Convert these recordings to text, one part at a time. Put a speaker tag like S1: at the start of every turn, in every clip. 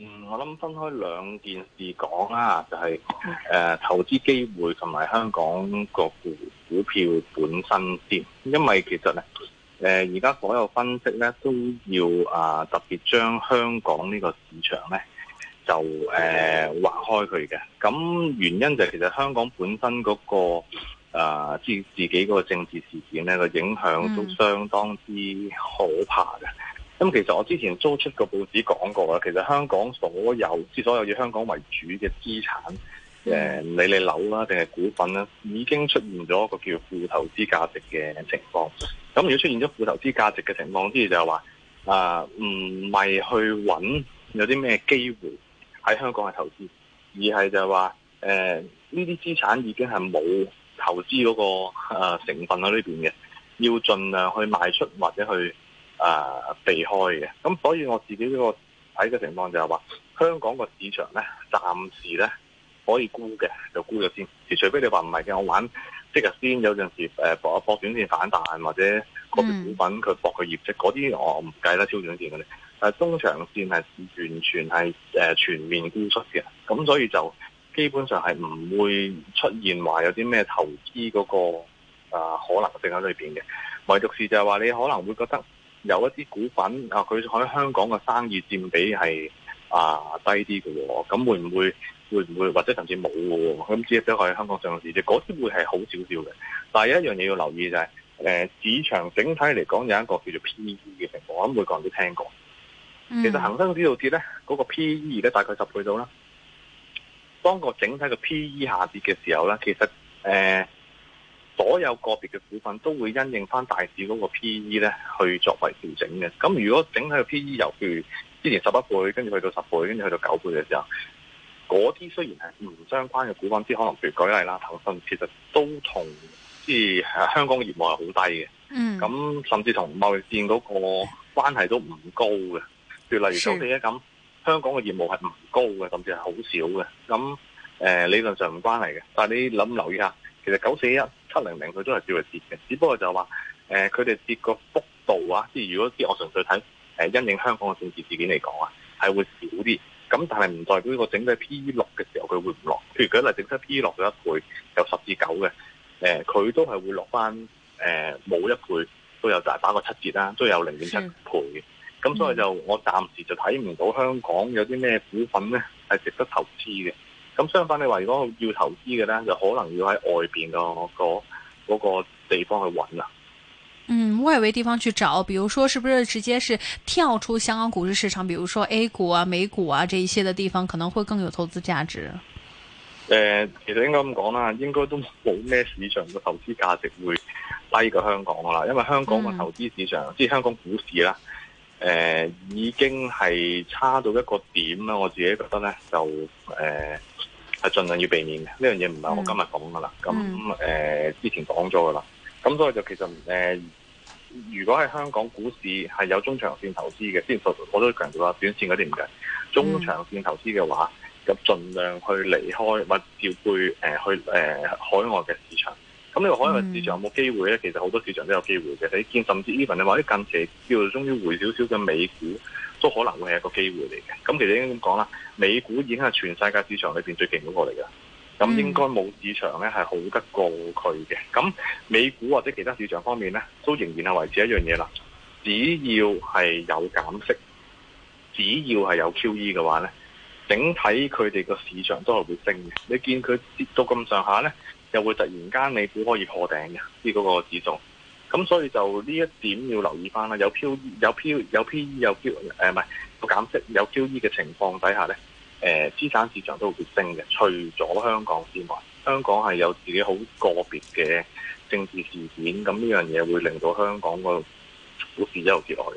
S1: 嗯，我諗分開兩件事講啦，就係、是、誒、呃、投資機會同埋香港個股股票本身先，因為其實咧誒而家所有分析咧都要啊、呃、特別將香港呢個市場咧就誒劃、呃、開佢嘅。咁原因就係其實香港本身嗰、那個啊自、呃、自己個政治事件咧個影響都相當之可怕嘅。嗯咁其實我之前租出個報紙講過啦，其實香港所有之所以以香港為主嘅資產，誒，唔理你樓啦，定係股份啦、啊，已經出現咗一個叫負投資價值嘅情況。咁如果出現咗負投資價值嘅情況，之就係話，啊，唔係去揾有啲咩機會喺香港嘅投資，而係就係話，誒，呢啲資產已經係冇投資嗰個、呃、成分喺呢邊嘅，要盡量去賣出或者去。啊！避開嘅，咁，所以我自己呢、呢個睇嘅情況就係話，香港個市場咧，暫時咧可以沽嘅就沽咗先，除非你話唔係嘅，我玩即日先有陣時搏一搏短線反彈，或者嗰啲股份佢搏佢業績嗰啲，我唔計啦。超短線嗰啲，誒、啊、但係中長線係完全係誒、啊、全面沽出嘅，咁所以就基本上係唔會出現話有啲咩投資嗰、嗰個、啊、可能性喺裏面嘅。唯獨是就係話你可能會覺得。有一啲股份啊，佢喺香港嘅生意佔比係啊低啲嘅，哦，咁會唔會會唔會或者甚至冇喎。咁隻都喺香港上市嘅，嗰啲會係好少少嘅。但係有一樣嘢要留意就係、是，誒、呃、市場整體嚟講有一個叫做 P E 嘅情況，我諗每個人都聽過。嗯、其實恒生指數跌咧，嗰、那個 P E 咧大概十倍到啦。當個整體嘅 P E 下跌嘅時候咧，其實誒。呃所有個別嘅股份都會因應翻大市嗰個 P.E. 咧，去作為調整嘅。咁如果整體嘅 P.E. 由譬如之前十一倍，跟住去到十倍，跟住去到九倍嘅時候，嗰啲雖然係唔相關嘅股份，即係可能譬如舉例啦，騰訊其實都同即係香港嘅業務係好低嘅。嗯。咁甚至同貿易戰嗰個關係都唔高嘅，譬如例如九四一咁，香港嘅業務係唔高嘅，甚至係好少嘅。咁、呃、理論上唔關係嘅，但係你諗留意下，其實九四一。七零零佢都係照嚟跌嘅，只不過就話誒，佢、呃、哋跌個幅度啊，即、就、係、是、如果跌，我純粹睇誒，因應香港嘅政治事件嚟講啊，係會少啲。咁但係唔代表我整體 P 六嘅時候佢會唔落？譬如舉個例，例整體 P 落咗一倍，有十至九嘅，誒、呃，佢都係會落翻誒，冇、呃、一倍都有大把個七折啦，都有零點七倍嘅。咁的所以就我暫時就睇唔到香港有啲咩股份咧係值得投資嘅。咁相反說，你話如果要投資嘅咧，就可能要喺外邊、個個、嗰個地方去揾啦。
S2: 嗯，外圍地方去找，比如說，是不是直接是跳出香港股市市場，比如說 A 股啊、美股啊，這一些的地方可能會更有投資價值。
S1: 誒、呃，其實應該咁講啦，應該都冇咩市場嘅投資價值會低過香港啦，因為香港嘅投資市場，嗯、即係香港股市啦。誒、呃，已經係差到一個點啦，我自己覺得咧就誒係盡量要避免嘅，呢樣嘢唔係我今日講噶啦，咁誒、嗯呃、之前講咗噶啦，咁所以就其實誒、呃、如果係香港股市係有中長線投資嘅，之前我我都強調話，短線嗰啲唔計，中長線投資嘅話，咁盡、嗯、量去離開或調配誒、呃、去誒、呃、海外嘅市場。咁你話海外市場有冇機會呢？Mm. 其實好多市場都有機會嘅。你見甚至 even 你話或者近期叫做終於回少少嘅美股，都可能會係一個機會嚟嘅。咁其實應該咁講啦，美股已經係全世界市場裏面最勁嗰個嚟嘅。咁應該冇市場呢係好得過佢嘅。咁、mm. 美股或者其他市場方面呢，都仍然係維持一樣嘢啦。只要係有減息，只要係有 QE 嘅話呢，整體佢哋個市場都係會升嘅。你見佢跌到咁上下呢。又會突然間，你估可以破頂嘅，呢、這、嗰個指數。咁所以就呢一點要留意翻啦。有 PE，有 PE，有 P E，有 PE，誒唔係，個減息有 P E 嘅、呃 e、情況底下呢，誒、呃、資產市場都會升嘅。除咗香港之外，香港係有自己好個別嘅政治事件，咁呢樣嘢會令到香港個股市一路跌落嚟。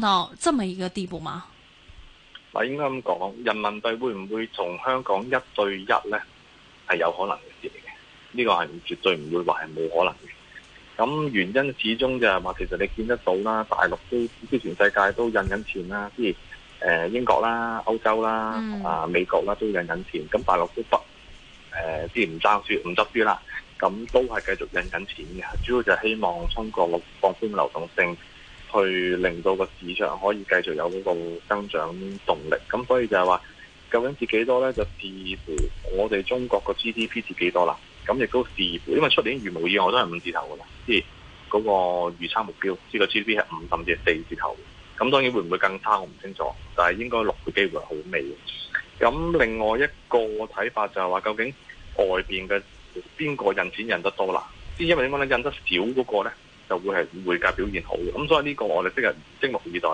S2: 到這麼一個地步嗎？
S1: 嗱，應該咁講，人民幣會唔會從香港一對一呢？係有可能嘅事嚟嘅。呢、這個係絕對唔會話係冇可能嘅。咁原因始終就係、是、話，其實你見得到啦，大陸都即全世界都印緊錢啦，即誒、呃、英國啦、歐洲啦啊、呃、美國啦都印緊錢。咁、嗯、大陸都不誒，雖唔爭輸唔執輸啦，咁都係繼續印緊錢嘅。主要就係希望通過放寬流動性。去令到個市場可以繼續有嗰個增長動力，咁所以就係話究竟跌幾多呢？就視乎我哋中國個 GDP 跌幾多啦。咁亦都視乎，因為出年如無意外都係五字頭嘅啦，即係嗰個預測目標，呢個 GDP 係五甚至係四字頭。咁當然會唔會更差，我唔清楚，但係應該六嘅機會係好微。咁另外一個睇法就係話，究竟外邊嘅邊個印錢印得多啦？即係因為點講咧，印得少嗰個咧。就會係匯價表現好嘅，咁所以呢個我哋即日拭目以待。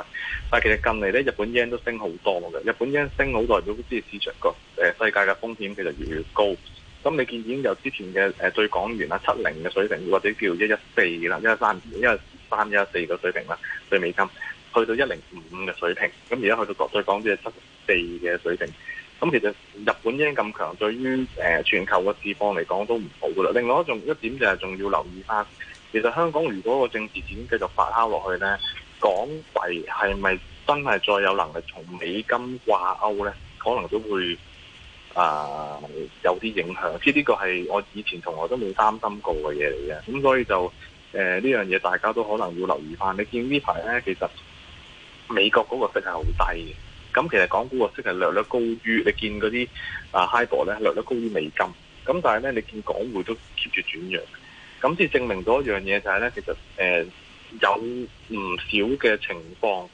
S1: 但係其實近嚟咧，日本已 e 都升好多嘅，日本已 e 升好代表，即係市場個誒世界嘅風險其實越嚟越高。咁你見已經由之前嘅誒兌港元啦七零嘅水平，或者叫一一四啦，一一三一三一四嘅水平啦兌美金，去到一零五五嘅水平，咁而家去到兌港元係七四嘅水平。咁其實日本已 e 咁強，對於誒全球嘅市況嚟講都唔好噶啦。另外一仲一點就係仲要留意翻。其實香港如果個政治展繼續發酵落去呢，港幣係咪真係再有能力同美金掛鈎呢？可能都會啊、呃、有啲影響。即係呢個係我以前同學都冇擔心過嘅嘢嚟嘅。咁所以就誒呢樣嘢大家都可能要留意翻。你見呢排呢，其實美國嗰個息係好低嘅，咁其實港股個息係略略高於你見嗰啲啊 HIBOR 呢，咧略略高於美金。咁但係呢，你見港匯都 keep 住轉弱。咁至證明咗一樣嘢就係咧，其實誒、呃、有唔少嘅情況，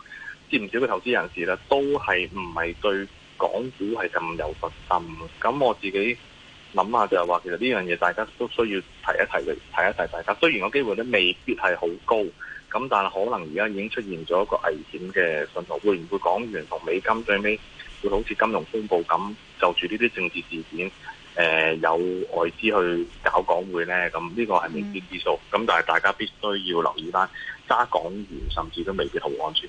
S1: 知唔少嘅投資人士咧，都係唔係對港股係咁有信心。咁我自己諗下就係話，其實呢樣嘢大家都需要提一提嘅，提一提大家。雖然個機會咧未必係好高，咁但係可能而家已經出現咗一個危險嘅信號，會唔會港元同美金最尾會好似金融風暴咁，就住呢啲政治事件？誒、呃、有外資去搞港會咧，咁呢個係未知之數。咁、嗯、但係大家必須要留意返揸港元，甚至都未必好安全。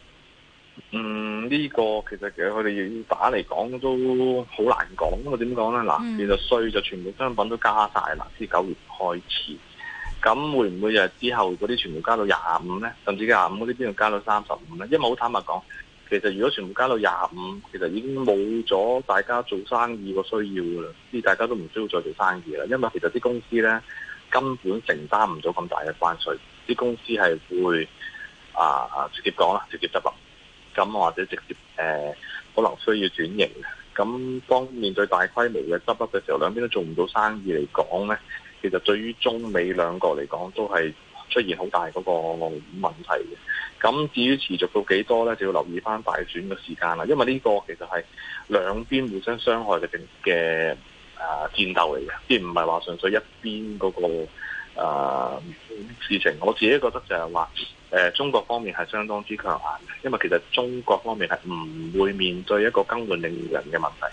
S1: 嗯，呢個其實其實佢哋打嚟講都好難講。因我點講呢？嗱、mm.，其實稅就全部商品都加晒啦，自九月開始。咁會唔會又之後嗰啲全部加到廿五呢，甚至廿五嗰啲邊度加到三十五呢？因為好坦白講，其實如果全部加到廿五，其實已經冇咗大家做生意個需要噶啦。啲大家都唔需要再做生意啦。因為其實啲公司呢，根本承擔唔到咁大嘅關稅，啲公司係會啊直接講啦，直接執笠。咁或者直接誒、呃，可能需要轉型。咁當面對大規模嘅執笠嘅時候，兩邊都做唔到生意嚟講呢，其實對於中美兩國嚟講都係出現好大嗰個問題嘅。咁至於持續到幾多呢，就要留意翻大選嘅時間啦。因為呢個其實係兩邊互相傷害嘅嘅戰鬥嚟嘅，即唔係話純粹一邊嗰、那個。誒、啊、事情，我自己覺得就係話、呃，中國方面係相當之強硬嘅，因為其實中國方面係唔會面對一個更換領導人嘅問題。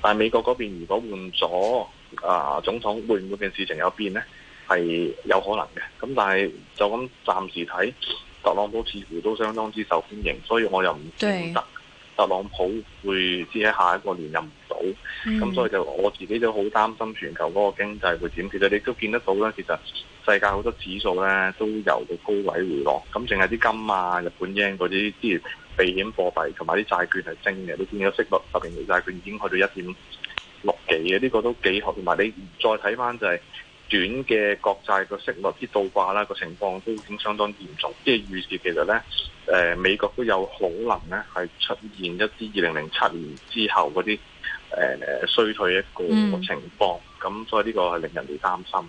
S1: 但係美國嗰邊如果換咗啊總統，會唔會嘅事情有變呢？係有可能嘅。咁但係就咁暫時睇，特朗普似乎都相當之受歡迎，所以我又唔得。特朗普會知喺下一個年任唔到，咁、嗯、所以就我自己都好擔心全球嗰個經濟會點。其實你都見得到啦，其實世界好多指數咧都由到高位回落，咁淨係啲金啊、日本圓嗰啲前避險貨幣同埋啲債券係升嘅。你見到息率特別係債券已經去到一點六幾嘅，呢、這個都幾好。同埋你再睇翻就係、是。短嘅國債個息率啲倒掛啦，那個情況都已經相當嚴重。即係預示其實咧，誒、呃、美國都有可能咧係出現一啲二零零七年之後嗰啲誒誒，衰退一個情況。咁、嗯、所以呢個係令人哋擔心。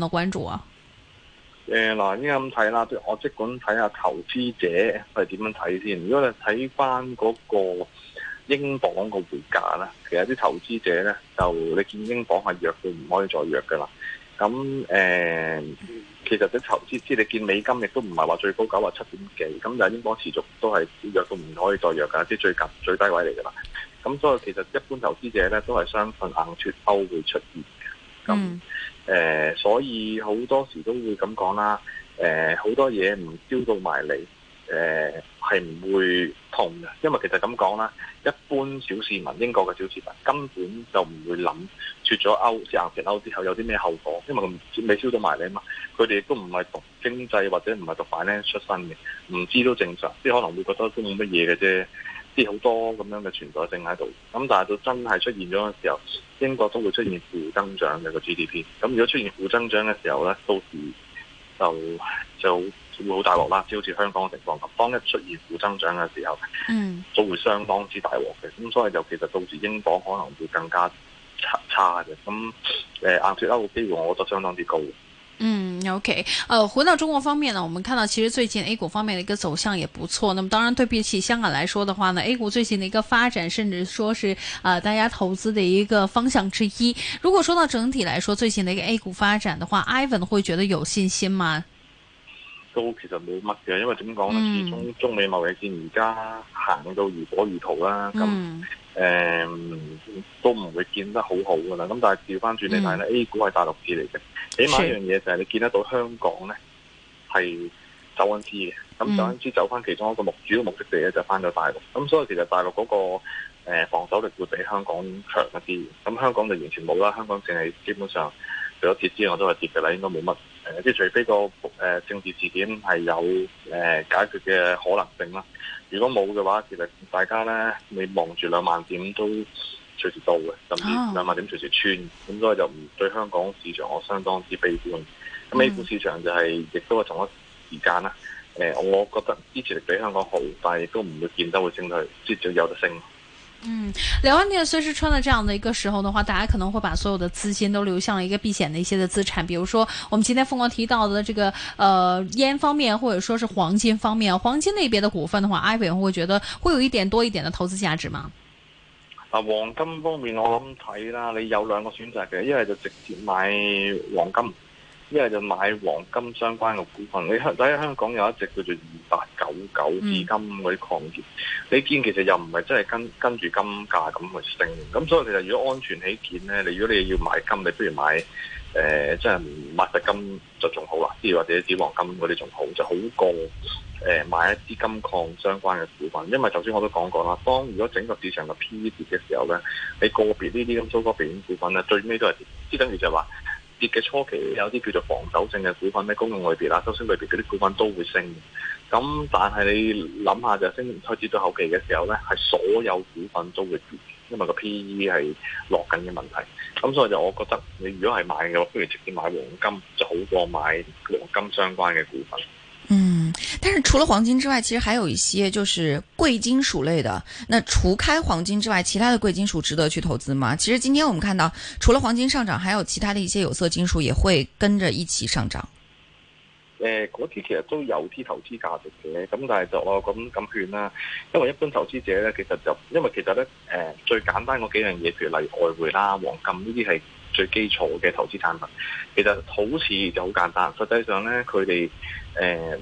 S1: 嘅關注啊，誒嗱、呃，應該咁睇啦，即係我即管睇下投資者係點樣睇先。如果你睇翻嗰個英鎊個匯價啦，其實啲投資者咧就你見英鎊係弱到唔可以再弱噶啦。咁誒、呃，其實啲投資者你見美金亦都唔係話最高九或七點幾，咁但係英鎊持續都係弱到唔可以再弱噶，即係最近最低位嚟噶啦。咁所以其實一般投資者咧都係相信硬脱歐會出現。咁誒、嗯呃，所以好多時都會咁講啦。誒、呃，好多嘢唔燒到埋嚟，誒係唔會痛嘅。因為其實咁講啦，一般小市民，英國嘅小市民根本就唔會諗脫咗歐，折行歐之後有啲咩後果，因為佢唔未燒到埋嚟啊嘛。佢哋都唔係讀經濟或者唔係讀法律出身嘅，唔知都正常，即可能會覺得都冇乜嘢嘅啫。好多咁樣嘅存在性喺度，咁但係到真係出現咗嘅時候，英國都會出現負增長嘅個 GDP。咁如果出現負增長嘅時候呢，到時就就會很就好大鑊啦，即好似香港嘅情況。當一出現負增長嘅時候，嗯，都會相當之大鑊嘅。咁所以就其實導致英鎊可能會更加差差嘅。咁誒，硬脱歐嘅機會，我覺得相當之高。
S2: 嗯，OK，呃，回到中國方面呢，我們看到其實最近 A 股方面的一個走向也不錯。那麼當然對比起香港來說的話呢、嗯、，A 股最近的一個發展，甚至說是，啊、呃，大家投資的一個方向之一。如果說到整體來說，最近的一個 A 股發展的話，Ivan 會覺得有信心嗎？
S1: 都其實冇乜嘅，因為點講呢？嗯、始終中美貿易戰而家行到如火如荼啦，咁誒、嗯嗯嗯、都唔會見得好好噶啦。咁但係調翻轉嚟睇呢，A 股係大陸市嚟嘅。起碼一樣嘢就係你見得到香港咧係走緊資嘅，咁走緊資走返其中一個目主要目的地咧就返咗大陸，咁所以其實大陸嗰個誒防守力會比香港強一啲，咁香港就完全冇啦，香港淨係基本上除咗跌之外都係跌嘅啦，應該冇乜誒，即係除非個誒政治事件係有誒解決嘅可能性啦，如果冇嘅話，其實大家咧你望住兩萬點都。隨時到嘅，甚至兩萬點隨時穿，咁、oh. 所以就唔對香港市場我相當之悲觀。咁 A、mm. 股市場就係、是、亦都係同一時間啦。誒、mm. 呃，我覺得支持力比香港好，但係亦都唔會見得會升到去至少有得升。嗯，
S2: 兩萬點隨時穿的這樣的，一個時候的話，大家可能會把所有的資金都流向了一個避險的一些的資產，比如說，我們今天瘋狂提到的這個，呃，煙方面或者說是黃金方面，黃金那邊的股份的話，阿偉會覺得會有一點多一點的投資價值嗎？
S1: 啊，黃金方面我諗睇啦，你有兩個選擇嘅，一係就直接買黃金，一係就買黃金相關嘅股份。你睇喺香港有一隻叫做二八九九紫金嗰啲礦業，嗯、你見其實又唔係真係跟跟住金價咁去升，咁所以其實如果安全起見咧，你如果你要買金，你不如買。誒、呃，即係買實金就仲好啦，啲或者指黃金嗰啲仲好，就好過誒買一啲金礦相關嘅股份，因為頭先我都講過啦，當如果整個市場嘅 P 跌嘅時候咧，你個別呢啲咁租嗰啲股份咧，最尾都係跌，即等於就係話跌嘅初期有啲叫做防守性嘅股份咧，公用類別啦，收星類別嗰啲股份都會升，咁，但係你諗下就升開始到後期嘅時候咧，係所有股份都會跌。因為個 PE 係落緊嘅問題，咁所以就我覺得你如果係買嘅話，不如直接買黃金就好過買黃金相關嘅股份。嗯，
S3: 但是除了黃金之外，其實還有一些就是貴金屬類的。那除開黃金之外，其他的貴金屬值得去投資嗎？其實今天我們看到，除了黃金上漲，還有其他的一些有色金屬也會跟着一起上漲。
S1: 誒嗰啲其實都有啲投資價值嘅，咁但係就、哦、我咁咁勸啦、啊，因為一般投資者咧，其實就因為其實咧、呃、最簡單嗰幾樣嘢，譬如例如外匯啦、黃金呢啲係最基礎嘅投資產品，其實好似就好簡單，實際上咧佢哋誒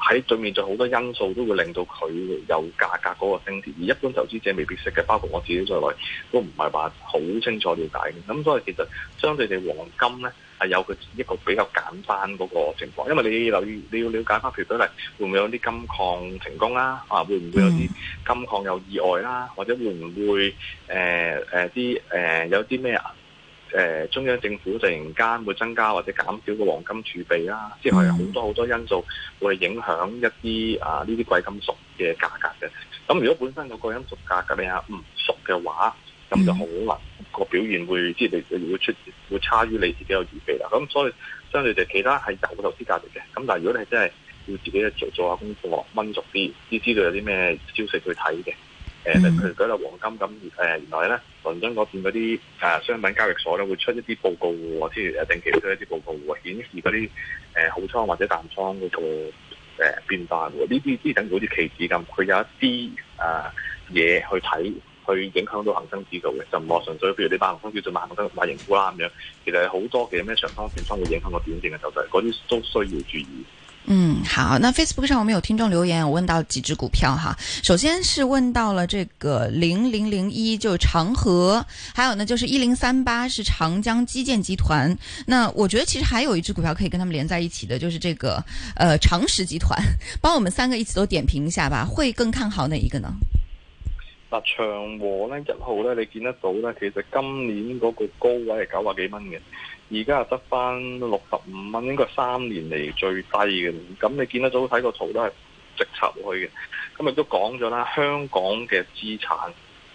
S1: 喺對面就好多因素都會令到佢有價格嗰個升跌，而一般投資者未必識嘅，包括我自己在內都唔係話好清楚了解。咁所以其實相對地黃金咧。係有個一個比較簡單嗰個情況，因為你留意你要了解翻條比例，會唔會有啲金礦停工啦？啊，會唔會有啲金礦有意外啦？或者會唔會誒誒啲誒有啲咩啊？誒、呃呃呃呃呃呃呃、中央政府突然間會增加或者減少個黃金儲備啦？之、啊、即係有好多好多因素會影響一啲啊呢啲貴金屬嘅價格嘅。咁如果本身個貴金屬價格嘅你係唔熟嘅話，咁就好難，嗯、個表現會即係你會出，會差於你自己有預備啦。咁所以相對就其他係有投資價值嘅。咁但係如果你真係要自己做做一下功課，溫熟啲，知知道有啲咩消息去睇嘅。誒、嗯，佢嗰度黃金咁，誒、呃，原來咧倫敦嗰邊嗰啲誒商品交易所咧會出一啲報告，即係定期出一啲報告，顯示嗰啲誒好倉或者淡倉嗰個誒變化。呢啲啲等於好似期指咁，佢、嗯、有一啲誒嘢去睇。去影響到恒生指數嘅就唔係純粹，譬如你把買恒生叫做買恒生買盈富啦咁樣，其實好多嘅咩長方、短方會影響個短線嘅走勢，是，嗰啲都需要注意。
S3: 嗯，好，那 Facebook 上我們有聽眾留言，我問到幾支股票哈，首先是問到了這個零零零一就是長和；還有呢就是一零三八是長江基建集團。那我覺得其實還有一支股票可以跟他們連在一起的，就是這個呃長實集團，幫我們三個一起都點評一下吧，會更看好哪一個呢？
S1: 啊，但長和咧一號咧，你見得到咧，其實今年嗰個高位係九啊幾蚊嘅，而家就得返六十五蚊，應該三年嚟最低嘅。咁你見得到睇個圖都係直插落去嘅。咁亦都講咗啦，香港嘅資產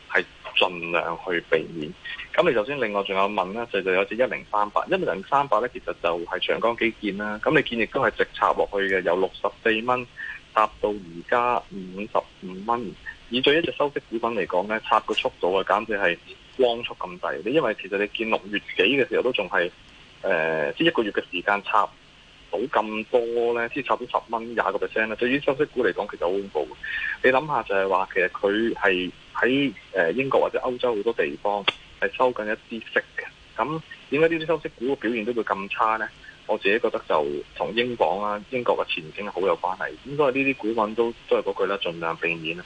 S1: 係盡量去避免。咁你頭先另外仲有問咧，就就是、有隻一零三八。一零三八咧其實就係長江基建啦。咁你見亦都係直插落去嘅，由六十四蚊達到而家五十五蚊。以對一隻收息股份嚟講咧，插個速度啊，簡直係光速咁低。你因為其實你見六月幾嘅時候都仲係誒，即係一個月嘅時間插到咁多咧，即係插到十蚊廿個 percent 咧。對於收息股嚟講，其實好恐怖。你諗下就係話，其實佢係喺誒英國或者歐洲好多地方係收緊一啲息嘅。咁點解呢啲收息股嘅表現都會咁差咧？我自己覺得就同英鎊啊、英國嘅前景好有關係。咁所以呢啲股份都都係嗰句啦，儘量避免啦。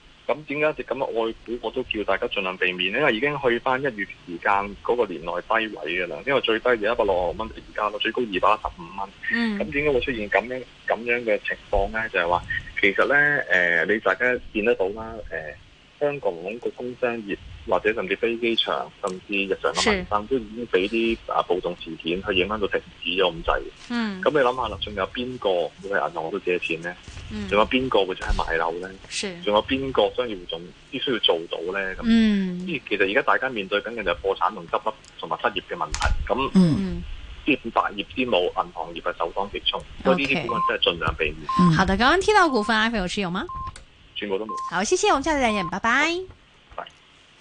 S1: 咁點解就咁嘅愛股我都叫大家盡量避免呢？因為已經去翻一月時間嗰個年內低位嘅啦，因為最低就一百六十蚊而家咯，最高二百一十五蚊。嗯。咁點解會出現咁樣咁樣嘅情況咧？就係、是、話其實咧，誒、呃、你大家見得到啦，誒、呃、香港個工商業。或者甚至飛機場，甚至日常嘅民生，都已經俾啲啊暴動事件去影響到停止咗咁滯。嗯，咁你諗下，仲有邊個會去銀行度借錢咧？仲有邊個會真係買樓咧？仲有邊個將要做，必須要做到咧？咁嗯，即其實而家大家面對緊嘅就係破產同執笠，同埋失業嘅問題。咁嗯，百業之母銀行業啊，首當其衝，所以呢啲真係盡量避免。
S2: 好的，剛剛聽到股份有冇持有嗎？
S1: 全部都冇。
S2: 好，謝謝，我們下節再見，拜拜。